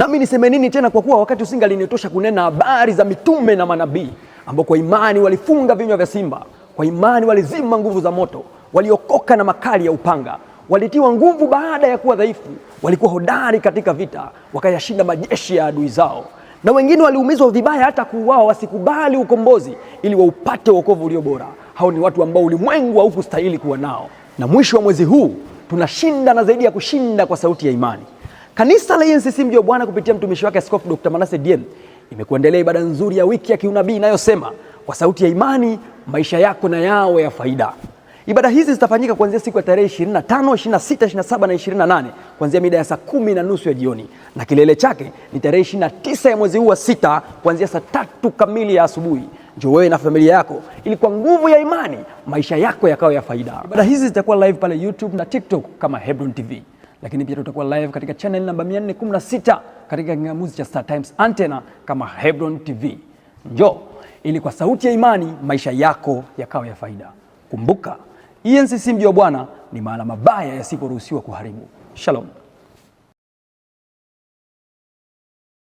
Nami niseme nini tena, kwa kuwa wakati usingaliniotosha kunena habari za mitume na manabii ambao kwa imani walifunga vinywa vya simba, kwa imani walizima nguvu za moto, waliokoka na makali ya upanga, walitiwa nguvu baada ya kuwa dhaifu, walikuwa hodari katika vita, wakayashinda majeshi ya adui zao. Na wengine waliumizwa vibaya hata kuuawa, wasikubali ukombozi ili waupate wokovu ulio bora. Hao ni watu ambao ulimwengu haukustahili kuwa nao. Na mwisho wa mwezi huu tunashinda na zaidi ya kushinda kwa sauti ya imani. Kanisa la ENCC Mji wa Bwana kupitia mtumishi wake Askofu Dr. Manase Diem imekuendelea ibada nzuri ya wiki ya kiunabii inayosema kwa sauti ya imani maisha yako na yawe ya faida. Ibada hizi zitafanyika kuanzia siku ya tarehe 25, 26, 27 na 28 kuanzia mida ya saa kumi na nusu ya jioni na kilele chake ni tarehe 29 ya mwezi huu wa sita kuanzia saa tatu kamili ya asubuhi. Njoo wewe na familia yako ili kwa nguvu ya imani maisha yako yakawe ya faida. Ibada hizi zitakuwa live pale YouTube na TikTok kama Hebron TV lakini pia tutakuwa live katika channel namba 416 katika kingamuzi cha Star Times Antenna kama Hebron TV. Njoo ili kwa sauti ya imani maisha yako yakawa ya faida. Kumbuka, ENCC Mji wa Bwana ni mahala mabaya yasiporuhusiwa kuharibu. Shalom.